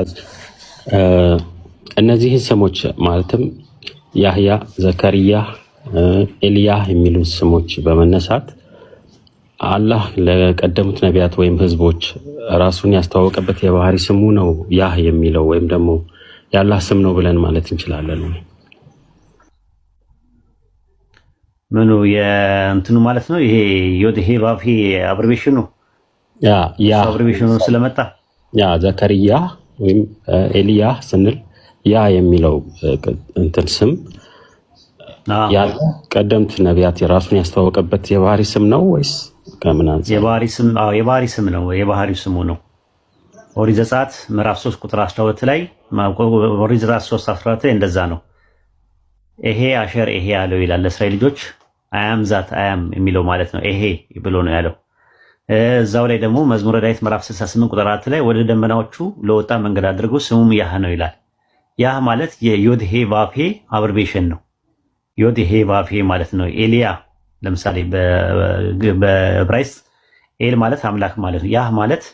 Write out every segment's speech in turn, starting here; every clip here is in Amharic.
ኡስታዝ እነዚህ ስሞች ማለትም ያህያ፣ ዘከርያ፣ ኤልያህ የሚሉ ስሞች በመነሳት አላህ ለቀደሙት ነቢያት ወይም ህዝቦች ራሱን ያስተዋወቀበት የባህሪ ስሙ ነው ያህ የሚለው ወይም ደግሞ የአላህ ስም ነው ብለን ማለት እንችላለን። ምኑ የእንትኑ ማለት ነው። ይሄ ዮድሄ ባፌ አብርቤሽኑ ያ ያ አብርቤሽኑ ስለመጣ ያ ዘከርያ ወይም ኤልያ ስንል ያ የሚለው እንትን ስም ያለ ቀደምት ነቢያት የራሱን ያስተዋወቀበት የባህሪ ስም ነው ወይስ ከምን የባህሪ ስም ነው፣ የባህሪ ስሙ ነው። ኦሪት ዘጸአት ምዕራፍ 3 ቁጥር 12 ላይ ኦሪት ዘጸአት 3 12 ላይ እንደዛ ነው። ይሄ አሸር ይሄ ያለው ይላል ለእስራኤል ልጆች አያም ዛት አያም የሚለው ማለት ነው። ይሄ ብሎ ነው ያለው እዛው ላይ ደግሞ መዝሙረ ዳዊት ምዕራፍ 68 ቁጥር 4 ላይ ወደ ደመናዎቹ ለወጣ መንገድ አድርጎ ስሙም ያህ ነው ይላል። ያህ ማለት የዮድሄ ቫፌ አብርቤሽን ነው። ዮድሄ ቫፌ ማለት ነው። ኤልያ ለምሳሌ በዕብራይስጥ ኤል ማለት አምላክ ማለት ነው። ያህ ማለት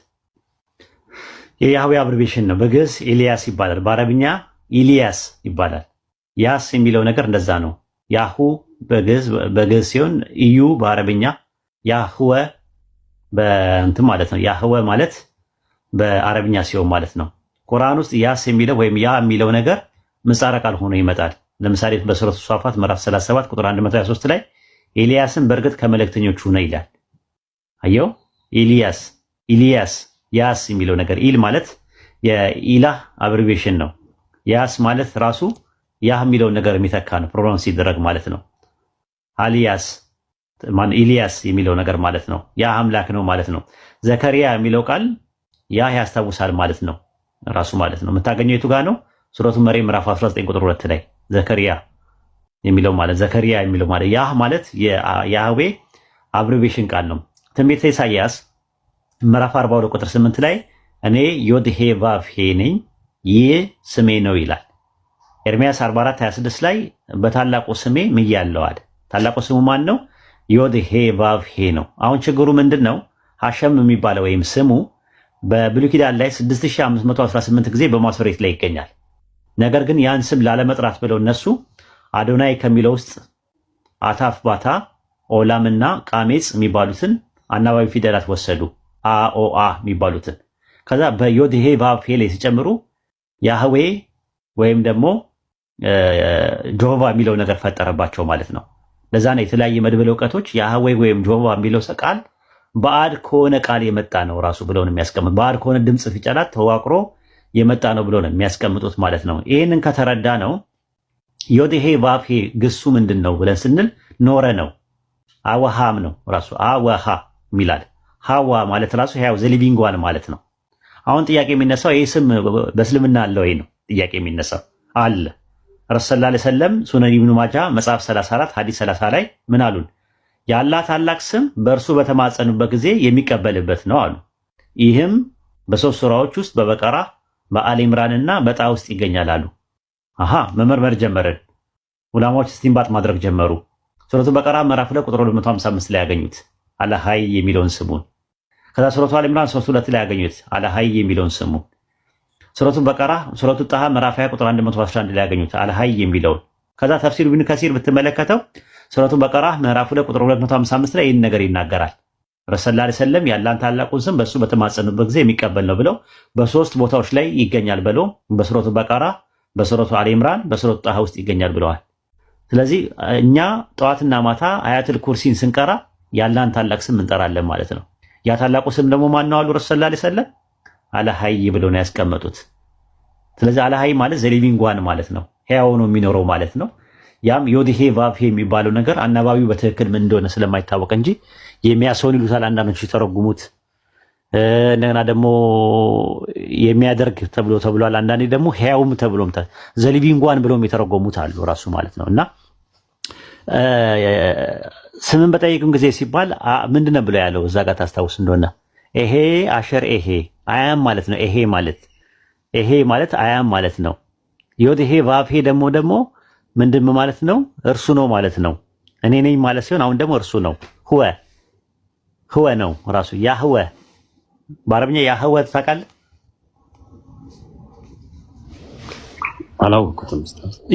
የያህዌ አብርቤሽን ነው። በግዕዝ ኤልያስ ይባላል፣ በአረብኛ ኢልያስ ይባላል። ያስ የሚለው ነገር እንደዛ ነው። ያሁ በግዕዝ ሲሆን እዩ በአረብኛ ያህወ በእንትን ማለት ነው። ያህወ ማለት በአረብኛ ሲሆን ማለት ነው። ቁርአን ውስጥ ያስ የሚለው ወይም ያ የሚለው ነገር ምጻረ ቃል ሆኖ ይመጣል። ለምሳሌ በሱረቱ ሷፋት ምዕራፍ 37 ቁጥር 123 ላይ ኤልያስን በእርግጥ ከመልእክተኞቹ ሆነ ይላል። አየው ኤልያስ ኤልያስ ያስ የሚለው ነገር ኢል ማለት የኢላህ አብሪቬሽን ነው። ያስ ማለት ራሱ ያህ የሚለውን ነገር የሚተካ ነው፣ ፕሮናውንስ ሲደረግ ማለት ነው። አልያስ ማን ኢልያስ የሚለው ነገር ማለት ነው። ያ አምላክ ነው ማለት ነው። ዘከሪያ የሚለው ቃል ያ ያስታውሳል ማለት ነው። ራሱ ማለት ነው። የምታገኘው የቱ ጋር ነው? ሱረቱ መርየም ምዕራፍ 19 ቁጥር 2 ላይ ዘከሪያ የሚለው ማለት ዘከሪያ የሚለው ማለት ያ ማለት የያህዌ አብሪቬሽን ቃል ነው። ትንቢተ ኢሳያስ ምዕራፍ 42 ቁጥር 8 ላይ እኔ ዮድሄ ቫፌ ነኝ ይህ ስሜ ነው ይላል። ኤርሚያስ 44 26 ላይ በታላቁ ስሜ ምያለዋል። ታላቁ ስሙ ማን ነው? ዮድ ሄ ቫቭ ሄ ነው። አሁን ችግሩ ምንድን ነው? ሀሸም የሚባለው ወይም ስሙ በብሉይ ኪዳን ላይ 6518 ጊዜ በማስፈሬት ላይ ይገኛል። ነገር ግን ያን ስም ላለመጥራት ብለው እነሱ አዶናይ ከሚለው ውስጥ አታፍ ባታ ኦላምና ቃሜጽ የሚባሉትን አናባቢ ፊደላት ወሰዱ። አኦአ የሚባሉትን ከዛ በዮድሄ ቫቭ ላይ ሲጨምሩ ያህዌ ወይም ደግሞ ጆባ የሚለው ነገር ፈጠረባቸው ማለት ነው። ለዛ ነው የተለያየ መድብል እውቀቶች የአህዌ ወይም ጆባ የሚለው ቃል በአድ ከሆነ ቃል የመጣ ነው ራሱ ብለው ነው የሚያስቀምጡት። በአድ ከሆነ ድምፅ ፊደላት ተዋቅሮ የመጣ ነው ብለው ነው የሚያስቀምጡት ማለት ነው። ይህንን ከተረዳ ነው ዮዴሄ ቫፌ ግሱ ምንድን ነው ብለን ስንል ኖረ ነው አወሃም ነው ራሱ አወሃ ሚላል ሀዋ ማለት ራሱ ያው ዘሊቪንጓን ማለት ነው። አሁን ጥያቄ የሚነሳው ይህ ስም በእስልምና አለ ወይ ነው ጥያቄ የሚነሳው አለ ረሱል ሰለም ሱነን ኢብኑ ማጃ መጽሐፍ 34 ሀዲስ 30 ላይ ምን አሉን? የአላህ ታላቅ ስም በእርሱ በተማጸኑበት ጊዜ የሚቀበልበት ነው አሉ። ይህም በሶስት ሱራዎች ውስጥ በበቀራ በአል ኢምራንና በጣ ውስጥ ይገኛል አሉ። አሃ መመርመር ጀመረን። ዑላማዎች ስቲምባጥ ማድረግ ጀመሩ። ሱረቱ በቀራ ምዕራፍ ሁለት ቁጥር 255 ላይ ያገኙት አለሀይ የሚለውን ስሙን። ከዛ ሱረቱ አል ኢምራን 32 ላይ ያገኙት አለሀይ የሚለውን ስሙን ሱረቱን በቀራ ሱረቱ ጣሃ ምዕራፍ 20 ቁጥር 111 ላይ ያገኙት አልሀይ የሚለውን ከዛ ተፍሲር ኢብኑ ከሲር ብትመለከተው ሱረቱ በቀራ ምዕራፍ 2 ቁጥር 255 ላይ ይህን ነገር ይናገራል። ረሰላ ላ ሰለም የአላህን ታላቁን ስም በእሱ በተማጸኑበት ጊዜ የሚቀበል ነው ብለው በሶስት ቦታዎች ላይ ይገኛል ብለው በሱረቱ በቀራ፣ በሱረቱ አሊ ኢምራን፣ በሱረቱ ጣሃ ውስጥ ይገኛል ብለዋል። ስለዚህ እኛ ጠዋትና ማታ አያትል ኩርሲን ስንቀራ ያላን ታላቅ ስም እንጠራለን ማለት ነው። ያ ታላቁ ስም ደግሞ ማነው አሉ ረሰላ ሰለም አለሀይ ብለው ነው ያስቀመጡት። ስለዚህ አለሀይ ማለት ዘሊቪንግ ዋን ማለት ነው፣ ሕያው ነው የሚኖረው ማለት ነው። ያም ዮድሄ ቫብሄ የሚባለው ነገር አናባቢው በትክክል ምን እንደሆነ ስለማይታወቅ እንጂ የሚያሰውን ይሉታል አንዳንዶች የተረጉሙት እንደገና ደግሞ የሚያደርግ ተብሎ ተብሏል። አንዳንዴ ደግሞ ሕያውም ተብሎም ዘሊቪንጓን ብሎም የተረጎሙት አሉ ራሱ ማለት ነው። እና ስምን በጠየቅም ጊዜ ሲባል ምንድን ነው ያለው እዛ ጋር ታስታውስ እንደሆነ ኤሄ አሸር ኤሄ አያም ማለት ነው። ኤሄ ማለት ኤሄ ማለት አያም ማለት ነው። ዮድ ሄ ቫብ ሄ ደግሞ ደግሞ ምንድን ማለት ነው? እርሱ ነው ማለት ነው። እኔ ነኝ ማለት ሲሆን አሁን ደግሞ እርሱ ነው ህወ ህወ ነው ራሱ ያህወ በአረብኛ ያህወ ታውቃለህ? አላውቅም።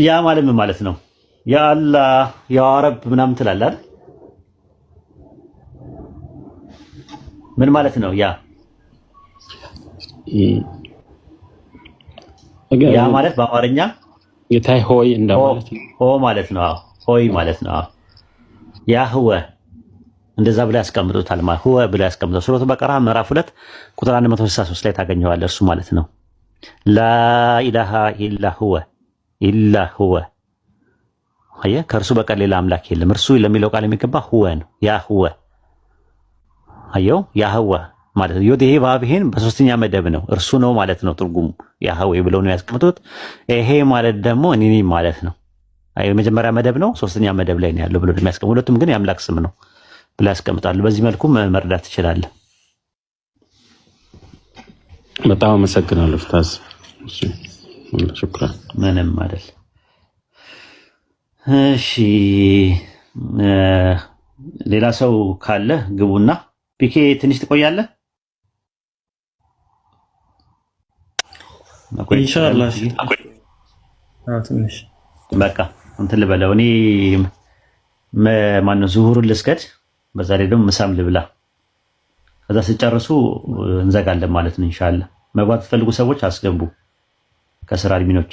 ያ ማለት ምን ማለት ነው? ያ አላህ ያ ረብ ምናምን ትላለህ አይደል? ምን ማለት ነው? ያ ያ ማለት በአማርኛ ጌታ ሆይ እንደማለት ሆ ማለት ነው። ሆይ ማለት ነው። ያ ህወ እንደዛ ብለ ያስቀምጡታል። ማለት ህወ ብለ ያስቀምጡታል። ሱረቱ በቀራ ምዕራፍ ሁለት ቁጥር 163 ላይ ታገኘዋለህ። እርሱ ማለት ነው ላኢላሃ ኢላ ህወ ኢላ ህወ አየህ፣ ከእርሱ በቀር ሌላ አምላክ የለም። እርሱ ለሚለው ቃል የሚገባ ህወ ነው። ያ ህወ አየው ያህዋ ማለት ነው። ዮዴሄ ባብሄን በሶስተኛ መደብ ነው እርሱ ነው ማለት ነው ትርጉሙ ያህዌ ብለው ነው ያስቀምጡት። ይሄ ማለት ደግሞ እኔ ማለት ነው። የመጀመሪያ መደብ ነው፣ ሶስተኛ መደብ ላይ ነው ያለው ብሎ የሚያስቀምጡ ሁለቱም ግን የአምላክ ስም ነው ብሎ ያስቀምጣሉ። በዚህ መልኩ መረዳት ትችላለህ። በጣም አመሰግናለሁ ፍታስ። ምንም አይደል። እሺ ሌላ ሰው ካለ ግቡና ፒኬ ትንሽ ትቆያለህ? ኢንሻአላህ ትንሽ በቃ እንትን ልበለው። እኔ ማነው ዙሁርን ልስገድ፣ በዛ ላይ ደግሞ ምሳም ልብላ። ከዛ ስጨርሱ እንዘጋለን ማለት ነው ኢንሻአላህ። መግባት ትፈልጉ ሰዎች አስገቡ። ከስራ አድሚኖች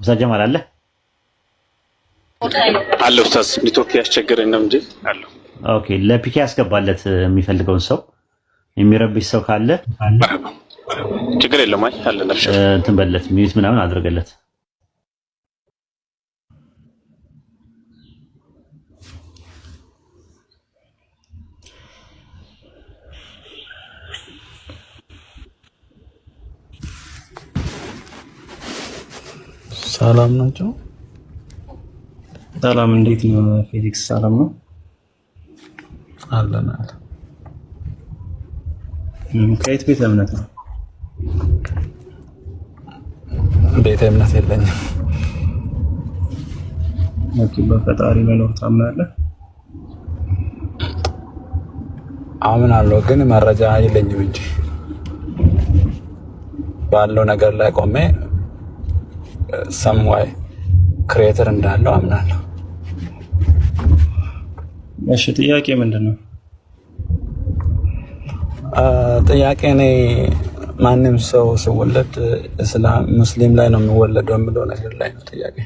ሙሳ ጀማል አለ አለ ኡስታዝ ኔትወርክ ያስቸገረን ነው እንጂ አለው ኦኬ ለፒኬ ያስገባለት የሚፈልገውን ሰው የሚረብሽ ሰው ካለ ችግር የለም። አይ አለ እንትን በለት ሚዩት ምናምን አድርገለት። ሰላም ናቸው። ሰላም እንዴት ነው ፌሊክስ ሰላም ነው። ከየት ቤተ እምነት ነው? ቤተ እምነት የለኝም። በፈጣሪ መኖር ታምናለህ? አምናለሁ፣ ግን መረጃ የለኝም እንጂ ባለው ነገር ላይ ቆሜ ሰምዋይ ክሬተር እንዳለው አምናለሁ። እሺ ጥያቄ ምንድን ነው? ጥያቄ እኔ ማንም ሰው ሲወለድ እስላም ሙስሊም ላይ ነው የሚወለደው የሚለው ነገር ላይ ነው ጥያቄ።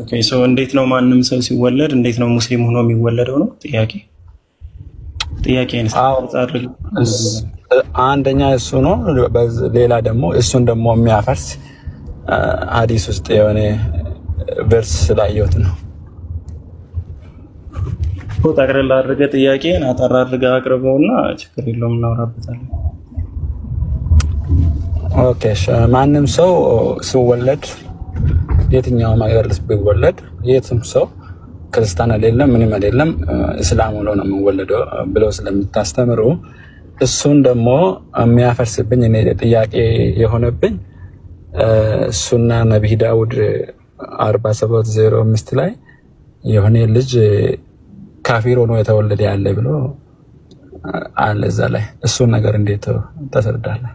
ኦኬ ሰው እንዴት ነው ማንም ሰው ሲወለድ እንዴት ነው ሙስሊም ሆኖ የሚወለደው ነው ጥያቄ። ጥያቄ አንደኛ እሱ ነው። ሌላ ደግሞ እሱን ደግሞ የሚያፈርስ ሀዲስ ውስጥ የሆነ ቨርስ ስላየሁት ነው። ጠቅልል አድርገ ጥያቄን አጠር አድርገህ አቅርበው እና ችግር የለውም እናወራበታለን። ኦኬ ማንም ሰው ሲወለድ የትኛውም ሀገር ቢወለድ የትም ሰው ክርስቲያን አይደለም ምንም አይደለም እስላም ሆኖ ነው የምወለደው ብለው ስለምታስተምሩ እሱን ደግሞ የሚያፈርስብኝ እኔ ጥያቄ የሆነብኝ እሱና ነቢይ ዳውድ አርባ ሰባት ዜሮ አምስት ላይ የሆነ ልጅ ካፊር ሆኖ የተወለደ ያለ ብሎ አለ እዛ ላይ እሱን ነገር እንዴት ታስረዳለህ?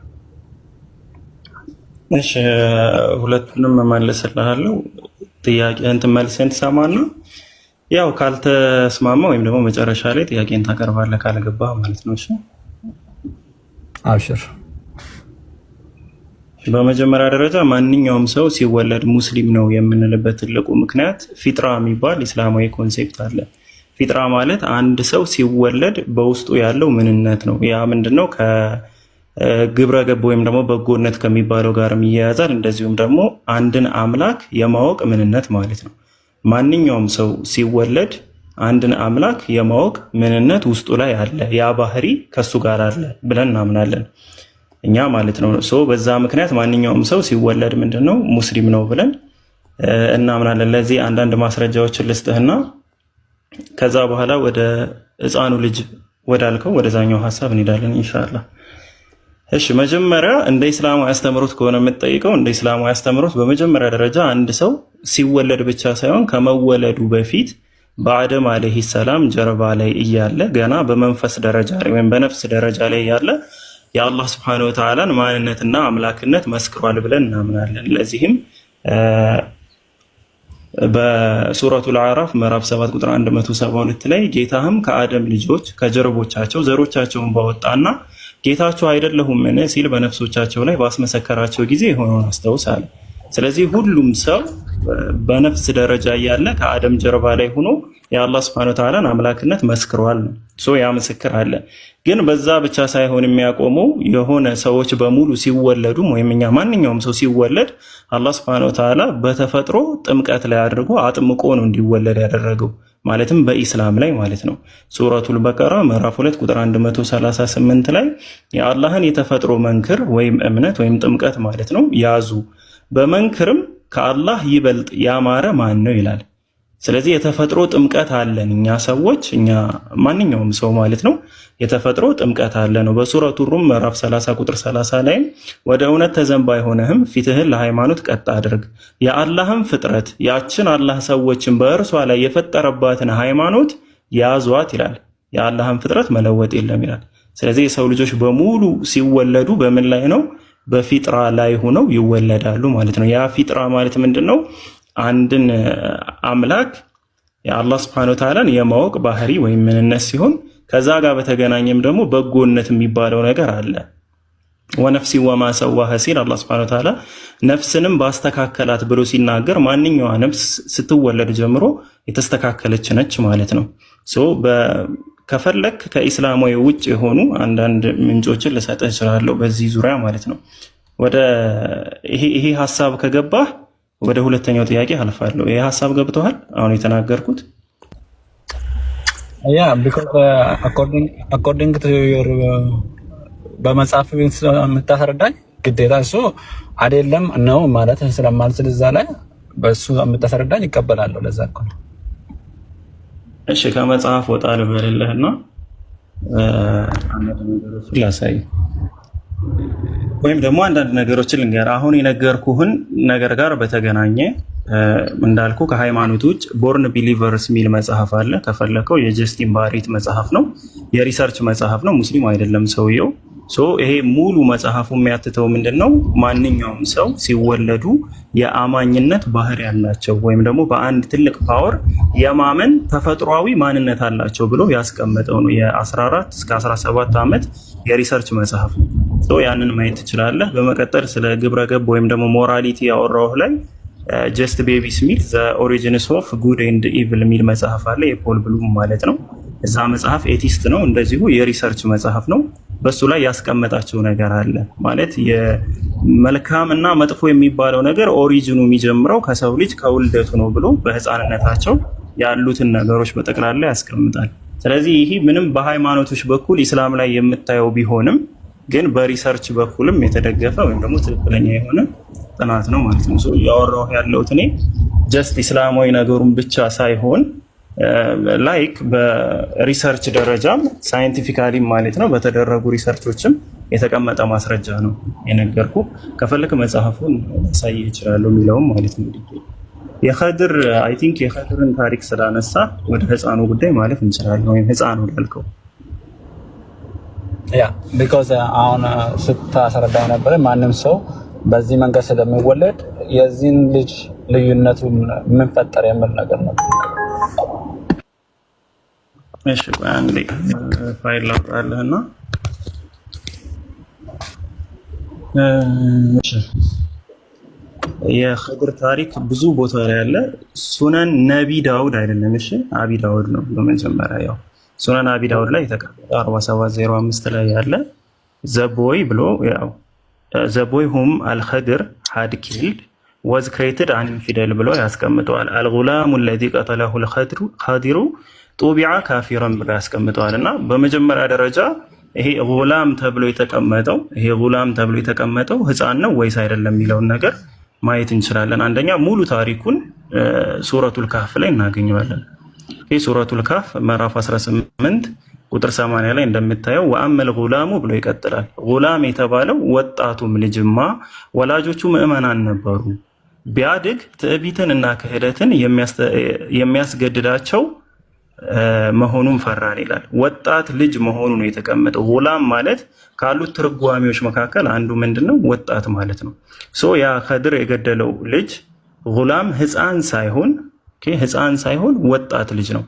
እሺ ሁለቱንም መልስልሃለሁ። ጥያቄህን ትመልስህን ትሰማለህ። ያው ካልተስማማ ወይም ደግሞ መጨረሻ ላይ ጥያቄን ታቀርባለህ ካልገባህ ማለት ነው። እሺ አብሽር በመጀመሪያ ደረጃ ማንኛውም ሰው ሲወለድ ሙስሊም ነው የምንልበት ትልቁ ምክንያት ፊጥራ የሚባል ኢስላማዊ ኮንሴፕት አለ። ፊጥራ ማለት አንድ ሰው ሲወለድ በውስጡ ያለው ምንነት ነው። ያ ምንድነው? ከግብረ ገብ ወይም ደግሞ በጎነት ከሚባለው ጋርም ይያያዛል። እንደዚሁም ደግሞ አንድን አምላክ የማወቅ ምንነት ማለት ነው። ማንኛውም ሰው ሲወለድ አንድን አምላክ የማወቅ ምንነት ውስጡ ላይ አለ። ያ ባህሪ ከሱ ጋር አለ ብለን እናምናለን። እኛ ማለት ነው። በዛ ምክንያት ማንኛውም ሰው ሲወለድ ምንድን ነው ሙስሊም ነው ብለን እናምናለን። ለዚህ አንዳንድ ማስረጃዎችን ልስጥህና ከዛ በኋላ ወደ ህፃኑ ልጅ ወዳልከው ወደዛኛው ሀሳብ እንሄዳለን እንሻላ። እሺ መጀመሪያ እንደ ኢስላማዊ አስተምሮት ከሆነ የምትጠይቀው እንደ ኢስላማዊ አስተምሮት በመጀመሪያ ደረጃ አንድ ሰው ሲወለድ ብቻ ሳይሆን ከመወለዱ በፊት በአደም አለይሂ ሰላም ጀርባ ላይ እያለ ገና በመንፈስ ደረጃ ላይ ወይም በነፍስ ደረጃ ላይ እያለ የአላህ ስብሐነሁ ወተዓላን ማንነትና አምላክነት መስክሯል ብለን እናምናለን። ለዚህም በሱረቱል አዕራፍ ምዕራፍ 7 ቁጥር 172 ላይ ጌታህም ከአደም ልጆች ከጀርቦቻቸው ዘሮቻቸውን ባወጣና ጌታቸው አይደለሁምን ሲል በነፍሶቻቸው ላይ ባስመሰከራቸው ጊዜ የሆነውን አስታውሳል። ስለዚህ ሁሉም ሰው በነፍስ ደረጃ እያለ ከአደም ጀርባ ላይ ሆኖ የአላህ ስብሐነ ወተዓላን አምላክነት መስክሯል ነው። ያ ምስክር አለ። ግን በዛ ብቻ ሳይሆን የሚያቆመው የሆነ ሰዎች በሙሉ ሲወለዱም ወይም እኛ ማንኛውም ሰው ሲወለድ አላህ ስብሐነ ወተዓላ በተፈጥሮ ጥምቀት ላይ አድርጎ አጥምቆ ነው እንዲወለድ ያደረገው ማለትም በኢስላም ላይ ማለት ነው። ሱረቱል በቀራ ምዕራፍ 2 ቁጥር 138 ላይ የአላህን የተፈጥሮ መንክር ወይም እምነት ወይም ጥምቀት ማለት ነው ያዙ፣ በመንክርም ከአላህ ይበልጥ ያማረ ማን ነው ይላል። ስለዚህ የተፈጥሮ ጥምቀት አለን እኛ ሰዎች እኛ ማንኛውም ሰው ማለት ነው የተፈጥሮ ጥምቀት አለ ነው። በሱረቱ ሩም ምዕራፍ 30 ቁጥር 30 ላይም ወደ እውነት ተዘንባ አይሆነህም ፊትህን ለሃይማኖት ቀጥ አድርግ፣ የአላህም ፍጥረት ያችን አላህ ሰዎችን በእርሷ ላይ የፈጠረባትን ሃይማኖት ያዟት ይላል። የአላህን ፍጥረት መለወጥ የለም ይላል። ስለዚህ የሰው ልጆች በሙሉ ሲወለዱ በምን ላይ ነው? በፊጥራ ላይ ሆነው ይወለዳሉ ማለት ነው። ያ ፊጥራ ማለት ምንድን ነው? አንድን አምላክ የአላህ ስብሐነ ወተዓላን የማወቅ ባህሪ ወይም ምንነት ሲሆን ከዛ ጋር በተገናኘም ደግሞ በጎነት የሚባለው ነገር አለ። ወነፍሲ ወማ ሰዋሃ ሲል አላህ ስብሐነ ወተዓላ ነፍስንም ባስተካከላት ብሎ ሲናገር ማንኛዋ ነፍስ ስትወለድ ጀምሮ የተስተካከለች ነች ማለት ነው። ከፈለክ ከኢስላማዊ ውጭ የሆኑ አንዳንድ ምንጮችን ልሰጥህ እችላለሁ በዚህ ዙሪያ ማለት ነው። ወደ ይሄ ሀሳብ ከገባህ ወደ ሁለተኛው ጥያቄ አልፋለሁ። ይህ ሀሳብ ገብተዋል? አሁን የተናገርኩት ያ አኮርዲንግ uh, uh, በመጽሐፍ ቤት የምታስረዳኝ ግዴታ እሱ አይደለም ነው ማለት ስለማልችል እዛ ላይ በእሱ የምታስረዳኝ ይቀበላለሁ። ለዛ እኮ እሺ ከመጽሐፍ ወጣ ልበልልህና አንዳንድ ነገሮችን ላሳይ ወይም ደግሞ አንዳንድ ነገሮችን ልንገር። አሁን የነገርኩህን ነገር ጋር በተገናኘ እንዳልኩ ከሃይማኖት ውጭ ቦርን ቢሊቨርስ የሚል መጽሐፍ አለ። ከፈለከው የጀስቲን ባሪት መጽሐፍ ነው፣ የሪሰርች መጽሐፍ ነው። ሙስሊም አይደለም ሰውየው ይሄ ሙሉ መጽሐፉ የሚያትተው ምንድን ነው? ማንኛውም ሰው ሲወለዱ የአማኝነት ባህር ያላቸው ወይም ደግሞ በአንድ ትልቅ ፓወር የማመን ተፈጥሯዊ ማንነት አላቸው ብሎ ያስቀመጠው ነው። የ14 እስከ 17 ዓመት የሪሰርች መጽሐፍ ነው። ያንን ማየት ትችላለህ። በመቀጠል ስለ ግብረገብ ወይም ደግሞ ሞራሊቲ ያወራው ላይ ጀስት ቤቢ ስሚት ዘ ኦሪጂንስ ኦፍ ጉድ ኤንድ ኢቭል የሚል መጽሐፍ አለ። የፖል ብሉም ማለት ነው። እዛ መጽሐፍ ኤቲስት ነው። እንደዚሁ የሪሰርች መጽሐፍ ነው። በሱ ላይ ያስቀመጣቸው ነገር አለ ማለት የመልካም እና መጥፎ የሚባለው ነገር ኦሪጂኑ የሚጀምረው ከሰው ልጅ ከውልደቱ ነው ብሎ በህፃንነታቸው ያሉትን ነገሮች በጠቅላላ ያስቀምጣል። ስለዚህ ይህ ምንም በሃይማኖቶች በኩል ኢስላም ላይ የምታየው ቢሆንም ግን በሪሰርች በኩልም የተደገፈ ወይም ደግሞ ትክክለኛ የሆነ ጥናት ነው ማለት ነው። ያወራሁ ያለሁት እኔ ጀስት ኢስላማዊ ነገሩን ብቻ ሳይሆን ላይክ በሪሰርች ደረጃም ሳይንቲፊካሊ ማለት ነው በተደረጉ ሪሰርቾችም የተቀመጠ ማስረጃ ነው የነገርኩ። ከፈለክ መጽሐፉን ሳይ ይችላሉ የሚለውም ማለት ነው። የኸድር አይ ቲንክ የኸድርን ታሪክ ስላነሳ ወደ ህፃኑ ጉዳይ ማለፍ እንችላለን። ወይም ህፃኑ ላልከው ያ ቢኮዝ አሁን ስታስረዳ የነበረ ማንም ሰው በዚህ መንገድ ስለሚወለድ የዚህን ልጅ ልዩነቱ ምን ፈጠረ የምል ነገር ነው። እሺ ቆይ አንዴ ፋይል ላውጣልህ የኸድር ታሪክ ብዙ ቦታ ላይ ያለ ሱነን ነቢ ዳውድ አይደለም፣ እሺ አቢ ዳውድ ነው። በመጀመሪያ ያው ሱነን አቢ ዳውድ ላይ የተቀመጠ 4705 ላይ ያለ ዘቦይ ብሎ ያው ዘቦይ ሁም አልኸድር ሃድኪልድ ወዝ ክሬትድ አን ኢንፊደል ብሎ ያስቀምጠዋል። አልጉላሙ ለዚ ቀተለሁ ልኸድሩ ጦቢያ ካፊረን ብላ ያስቀምጠዋል እና በመጀመሪያ ደረጃ ይሄ ጉላም ተብሎ የተቀመጠው ይሄ ጉላም ተብሎ የተቀመጠው ህፃን ነው ወይስ አይደለም የሚለውን ነገር ማየት እንችላለን። አንደኛ ሙሉ ታሪኩን ሱረቱል ካፍ ላይ እናገኘዋለን። ይህ ሱረቱል ካፍ ምዕራፍ 18 ቁጥር 80 ላይ እንደምታየው ወአመል ጉላሙ ብሎ ይቀጥላል። ጉላም የተባለው ወጣቱም ልጅማ ወላጆቹ ምዕመናን ነበሩ። ቢያድግ ትዕቢትን እና ክህደትን የሚያስገድዳቸው መሆኑን ፈራን ይላል። ወጣት ልጅ መሆኑ ነው የተቀመጠው። ሁላም ማለት ካሉት ትርጓሚዎች መካከል አንዱ ምንድን ነው? ወጣት ማለት ነው። ሶ ያ ከድር የገደለው ልጅ ሁላም ህፃን ሳይሆን ህፃን ሳይሆን ወጣት ልጅ ነው።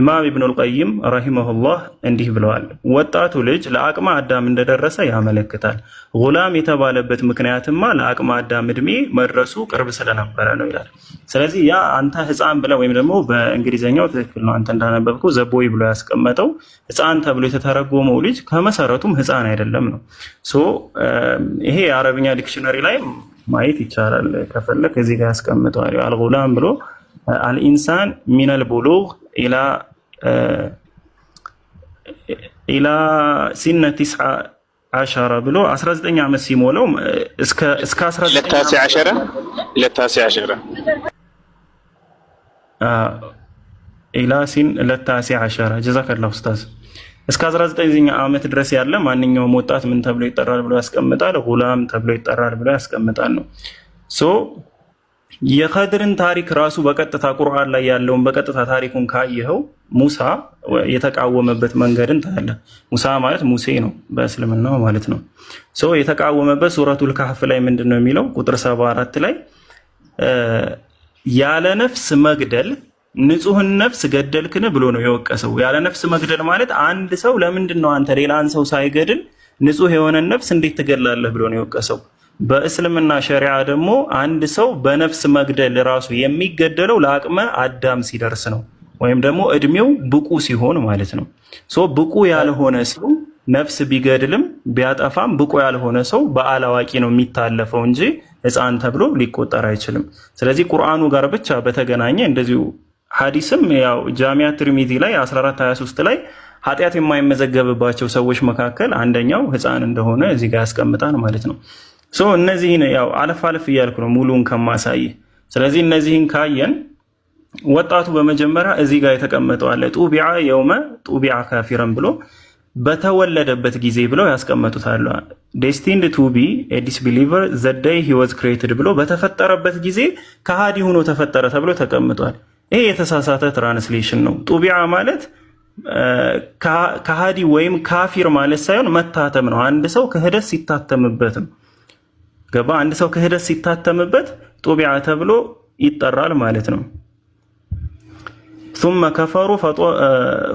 ኢማም ኢብኑል ቀይም ረሂመሁላህ እንዲህ ብለዋል፣ ወጣቱ ልጅ ለአቅመ አዳም እንደደረሰ ያመለክታል። ጉላም የተባለበት ምክንያትማ ለአቅመ አዳም እድሜ መድረሱ ቅርብ ስለነበረ ነው ይላል። ስለዚህ ያ አንተ ህፃን ብለ ወይም ደግሞ በእንግሊዝኛው ትክክል ነው አንተ እንዳነበብከው ዘቦይ ብሎ ያስቀመጠው ህፃን ተብሎ የተተረጎመው ልጅ ከመሰረቱም ህፃን አይደለም ነው። ሶ ይሄ የአረብኛ ዲክሽነሪ ላይ ማየት ይቻላል። ከፈለክ እዚህ ጋር ያስቀምጠዋል። አልጉላም ብሎ አልኢንሳን ሚነል ቡሉግ ኢላ ሲነ ቲስዓ ዓሸረ ብሎ 19 ዓመት ሲሞላው እስከ 19 ኢላ ሲን ለታሴ ዓሸረ ጀዛከላ ኡስታዝ እስከ 19 ዓመት ድረስ ያለ ማንኛውም ወጣት ምን ተብሎ ይጠራል ብሎ ያስቀምጣል። ጉላም ተብሎ ይጠራል ብሎ ያስቀምጣል ነው። የኸድርን ታሪክ ራሱ በቀጥታ ቁርአን ላይ ያለውን በቀጥታ ታሪኩን ካየኸው ሙሳ የተቃወመበት መንገድን ታያለህ። ሙሳ ማለት ሙሴ ነው በእስልምናው ማለት ነው። ሰው የተቃወመበት ሱረቱል ካህፍ ላይ ምንድን ነው የሚለው? ቁጥር 74 ላይ ያለ ነፍስ መግደል ንጹህን ነፍስ ገደልክን ብሎ ነው የወቀሰው። ያለ ነፍስ መግደል ማለት አንድ ሰው ለምንድን ነው አንተ ሌላን ሰው ሳይገድል ንጹህ የሆነን ነፍስ እንዴት ትገላለህ ብሎ ነው የወቀሰው። በእስልምና ሸሪዓ ደግሞ አንድ ሰው በነፍስ መግደል ራሱ የሚገደለው ለአቅመ አዳም ሲደርስ ነው፣ ወይም ደግሞ እድሜው ብቁ ሲሆን ማለት ነው። ብቁ ያልሆነ ሰው ነፍስ ቢገድልም ቢያጠፋም ብቁ ያልሆነ ሰው በአላዋቂ ነው የሚታለፈው እንጂ ሕፃን ተብሎ ሊቆጠር አይችልም። ስለዚህ ቁርአኑ ጋር ብቻ በተገናኘ እንደዚሁ ሐዲስም ያው ጃሚያ ትርሚዚ ላይ 1423 ላይ ኃጢአት የማይመዘገብባቸው ሰዎች መካከል አንደኛው ሕፃን እንደሆነ እዚህ ጋር ያስቀምጣል ማለት ነው። እነዚህን ያው አለፍ አለፍ እያልኩ ነው ሙሉን ከማሳይ። ስለዚህ እነዚህን ካየን ወጣቱ በመጀመሪያ እዚህ ጋር የተቀመጠው አለ ጡቢያ የውመ ጡቢያ ካፊረን ብሎ በተወለደበት ጊዜ ብለው ያስቀመጡታሉ። ዴስቲንድ ቱ ቢ ኤ ቢሊቨር ዘደይ ሂወዝ ሂ ክሬትድ ብሎ በተፈጠረበት ጊዜ ከሃዲ ሆኖ ተፈጠረ ተብሎ ተቀምጧል። ይሄ የተሳሳተ ትራንስሌሽን ነው። ጡቢያ ማለት ከሃዲ ወይም ካፊር ማለት ሳይሆን መታተም ነው። አንድ ሰው ክህደት ሲታተምበት ነው። ገባ አንድ ሰው ክህደት ሲታተምበት ጡቢዓ ተብሎ ይጠራል ማለት ነው። ثم ከፈሩ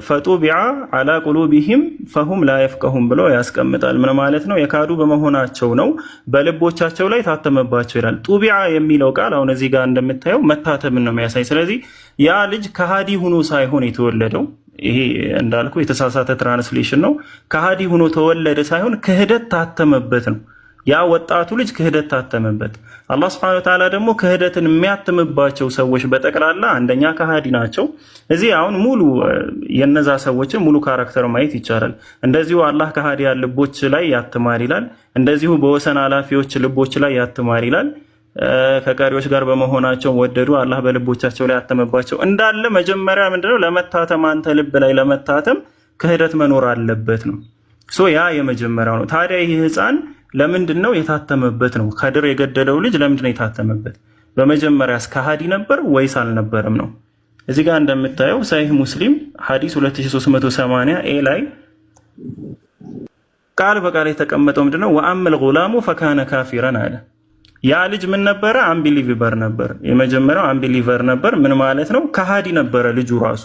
ፈጡቢዓ አላ ቁሉቢሂም ፈሁም ላ የፍቀሁም ብሎ ያስቀምጣል። ምን ማለት ነው? የካዱ በመሆናቸው ነው በልቦቻቸው ላይ ታተመባቸው ይላል። ጡቢያ የሚለው ቃል አሁን እዚህ ጋር እንደምታየው መታተምን ነው የሚያሳይ። ስለዚህ ያ ልጅ ከሃዲ ሁኖ ሳይሆን የተወለደው ይሄ እንዳልኩ የተሳሳተ ትራንስሌሽን ነው። ከሃዲ ሁኖ ተወለደ ሳይሆን ክህደት ታተመበት ነው። ያ ወጣቱ ልጅ ክህደት ታተመበት። አላህ ስብሐነ ወተዓላ ደግሞ ክህደትን የሚያትምባቸው ሰዎች በጠቅላላ አንደኛ ከሃዲ ናቸው። እዚህ አሁን ሙሉ የነዛ ሰዎችን ሙሉ ካራክተር ማየት ይቻላል። እንደዚሁ አላህ ከሃዲያን ልቦች ላይ ያትማል ይላል። እንደዚሁ በወሰን አላፊዎች ልቦች ላይ ያትማል ይላል። ከቀሪዎች ጋር በመሆናቸው ወደዱ አላህ በልቦቻቸው ላይ ያተመባቸው እንዳለ። መጀመሪያ ምንድነው ለመታተም አንተ ልብ ላይ ለመታተም ክህደት መኖር አለበት ነው። ያ የመጀመሪያው ነው። ታዲያ ይህ ህፃን ለምንድን ነው የታተመበት? ነው ከድር የገደለው ልጅ ለምንድን ነው የታተመበት? እስከ ሀዲ ነበር ወይስ አልነበረም ነው። እዚህ ጋር እንደምታየው ሰሂህ ሙስሊም ሀዲስ 2380 ኤ ላይ ቃል በቃል የተቀመጠው ምንድን ነው? ወአመል ጉላሙ ፈካነ ካፊረን አለ። ያ ልጅ ምን ነበረ? አምቢሊቨር ነበር። የመጀመሪያው አምቢሊቨር ነበር። ምን ማለት ነው? ከሀዲ ነበረ ልጁ ራሱ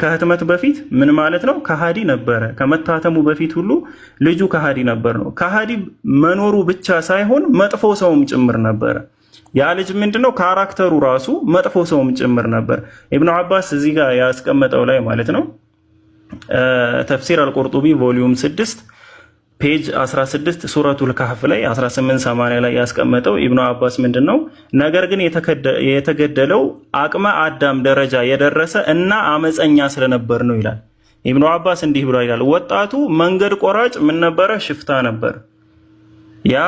ከህትመት በፊት ምን ማለት ነው? ከሃዲ ነበረ። ከመታተሙ በፊት ሁሉ ልጁ ከሃዲ ነበር ነው። ከሃዲ መኖሩ ብቻ ሳይሆን መጥፎ ሰውም ጭምር ነበረ። ያ ልጅ ምንድነው ካራክተሩ ራሱ መጥፎ ሰውም ጭምር ነበር። ኢብኑ አባስ እዚህ ጋር ያስቀመጠው ላይ ማለት ነው ተፍሲር አልቁርጡቢ ቮሊዩም ስድስት ፔጅ 16 ሱረቱል ካህፍ ላይ 1880 ላይ ያስቀመጠው ኢብኑ አባስ ምንድን ነው? ነገር ግን የተገደለው አቅመ አዳም ደረጃ የደረሰ እና አመፀኛ ስለነበር ነው ይላል። ኢብኑ አባስ እንዲህ ብሎ ይላል፣ ወጣቱ መንገድ ቆራጭ ምን ነበረ? ሽፍታ ነበር። ያ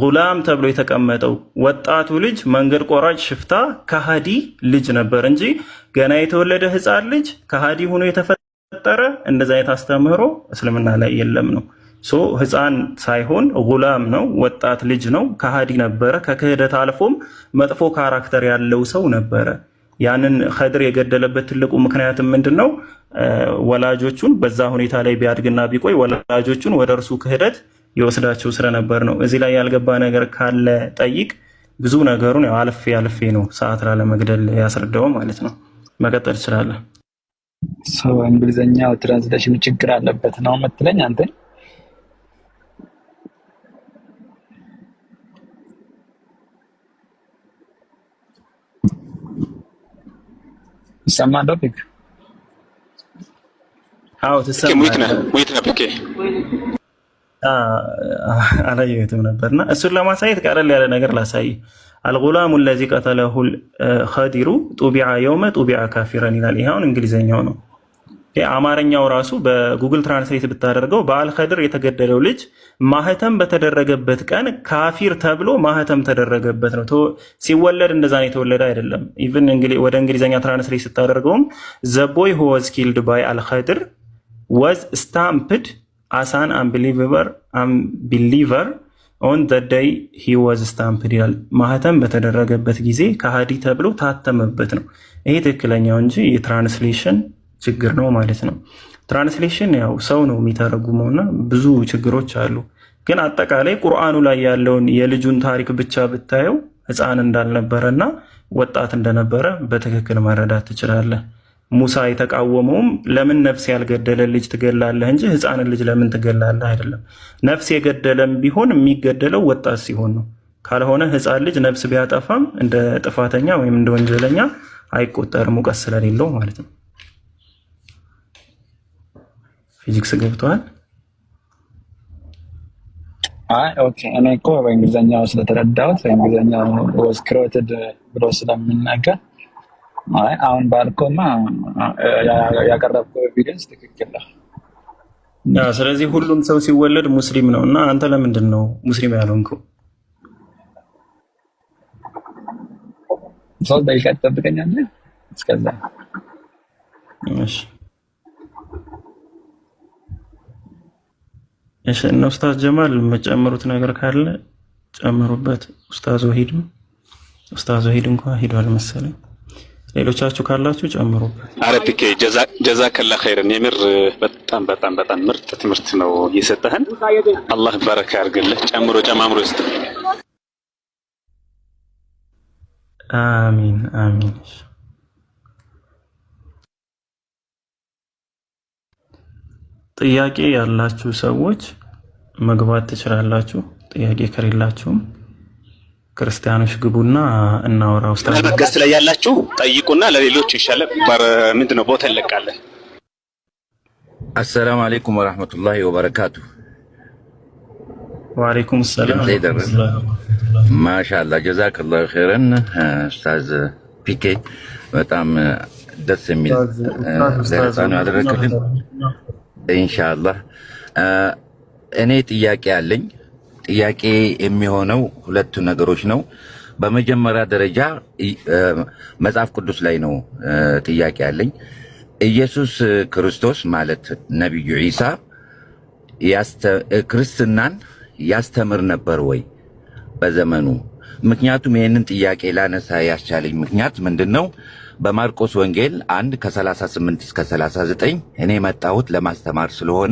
ጉላም ተብሎ የተቀመጠው ወጣቱ ልጅ መንገድ ቆራጭ ሽፍታ ከሃዲ ልጅ ነበር እንጂ ገና የተወለደ ህፃን ልጅ ከሃዲ ሆኖ የተፈጠረ እንደዚ አይነት አስተምህሮ እስልምና ላይ የለም ነው ህፃን ሳይሆን ጉላም ነው፣ ወጣት ልጅ ነው። ከሃዲ ነበረ። ከክህደት አልፎም መጥፎ ካራክተር ያለው ሰው ነበረ። ያንን ከድር የገደለበት ትልቁ ምክንያትም ምንድን ነው? ወላጆቹን በዛ ሁኔታ ላይ ቢያድግና ቢቆይ ወላጆቹን ወደ እርሱ ክህደት የወስዳቸው ስለነበር ነው። እዚህ ላይ ያልገባ ነገር ካለ ጠይቅ። ብዙ ነገሩን አልፌ አልፌ ነው ሰዓት ላለመግደል ያስረዳው ማለት ነው። መቀጠል ይችላለን። እንግሊዝኛው ትራንስሌሽን ችግር አለበት ነው የምትለኝ አንተ? ይሰማል ፒክ? አላየሁትም ነበርና እሱን ለማሳየት ቀለል ያለ ነገር ላሳይ። አልጉላሙ ለዚ ቀተለሁ ልኸዲሩ ጡቢዓ የውመ ጡቢዓ ካፊረን ይላል። ነው አማርኛው ራሱ በጉግል ትራንስሌት ብታደርገው በአልከድር የተገደለው ልጅ ማህተም በተደረገበት ቀን ካፊር ተብሎ ማህተም ተደረገበት ነው። ሲወለድ እንደዛ ነው የተወለደ አይደለም። ኢቭን ወደ እንግሊዝኛ ትራንስሌት ስታደርገውም ዘቦይ ሆዝ ኪልድ ባይ አልከድር ወዝ ስታምፕድ አሳን አንቢሊቨር ኦን ዘ ደይ ሂ ወዝ ስታምፕድ ይላል። ማህተም በተደረገበት ጊዜ ከሃዲ ተብሎ ታተመበት ነው። ይሄ ትክክለኛው እንጂ የትራንስሌሽን ችግር ነው ማለት ነው። ትራንስሌሽን ያው ሰው ነው የሚተረጉመው እና ብዙ ችግሮች አሉ። ግን አጠቃላይ ቁርአኑ ላይ ያለውን የልጁን ታሪክ ብቻ ብታየው ህፃን እንዳልነበረ እና ወጣት እንደነበረ በትክክል መረዳት ትችላለህ። ሙሳ የተቃወመውም ለምን ነፍስ ያልገደለ ልጅ ትገላለህ እንጂ ህፃንን ልጅ ለምን ትገላለህ አይደለም። ነፍስ የገደለም ቢሆን የሚገደለው ወጣት ሲሆን ነው። ካልሆነ ህፃን ልጅ ነፍስ ቢያጠፋም እንደ ጥፋተኛ ወይም እንደ ወንጀለኛ አይቆጠርም፣ እውቀት ስለሌለው ማለት ነው። ፊዚክስ ገብተዋል። እኔ እኮ በእንግሊዝኛው ስለተረዳሁት በእንግሊዝኛው ወዝ ብሎ ስለምናገር አሁን ባልኮማ ያቀረብኩ ኤቪደንስ ትክክል ነው። ስለዚህ ሁሉም ሰው ሲወለድ ሙስሊም ነው እና አንተ ለምንድን ነው ሙስሊም ያልሆንከው? ሶስት ደቂቃ ትጠብቀኛለህ እስከዛ እሺ ኡስታዝ ጀማል የምጨምሩት ነገር ካለ ጨምሩበት። ኡስታዝ ወሂድ ኡስታዝ ወሂድ እንኳን ሂዷል መሰለኝ። ሌሎቻችሁ ካላችሁ ጨምሩበት። አረፒኬ ጀዛከላ ኸይርን። የምር በጣም በጣም በጣም ምርጥ ትምህርት ነው እየሰጠህን። አላህ በረካ ያርግልህ። ጨምሮ ጨማምሮ ይስጥ። አሚን አሚን። ጥያቄ ያላችሁ ሰዎች መግባት ትችላላችሁ። ጥያቄ ከሌላችሁም ክርስቲያኖች ግቡና እናወራ። ውስጥ በገስ ላይ ያላችሁ ጠይቁና ለሌሎች ይሻለ ምንድነው ቦታ እንለቃለን። አሰላሙ አሌይኩም ወራህመቱላሂ ወበረካቱ። ወአሌይኩም ሰላም ማሻላ ጀዛከላሁ ኸይረን ኡስታዝ ፒኬ በጣም ደስ የሚል ለህፃኑ ያደረግልን ኢንሻአላህ እኔ ጥያቄ አለኝ። ጥያቄ የሚሆነው ሁለቱ ነገሮች ነው። በመጀመሪያ ደረጃ መጽሐፍ ቅዱስ ላይ ነው ጥያቄ አለኝ። ኢየሱስ ክርስቶስ ማለት ነቢዩ ዒሳ ክርስትናን ያስተምር ነበር ወይ በዘመኑ? ምክንያቱም ይህንን ጥያቄ ላነሳ ያስቻለኝ ምክንያት ምንድን ነው? በማርቆስ ወንጌል 1 ከ38 እስከ 39 እኔ የመጣሁት ለማስተማር ስለሆነ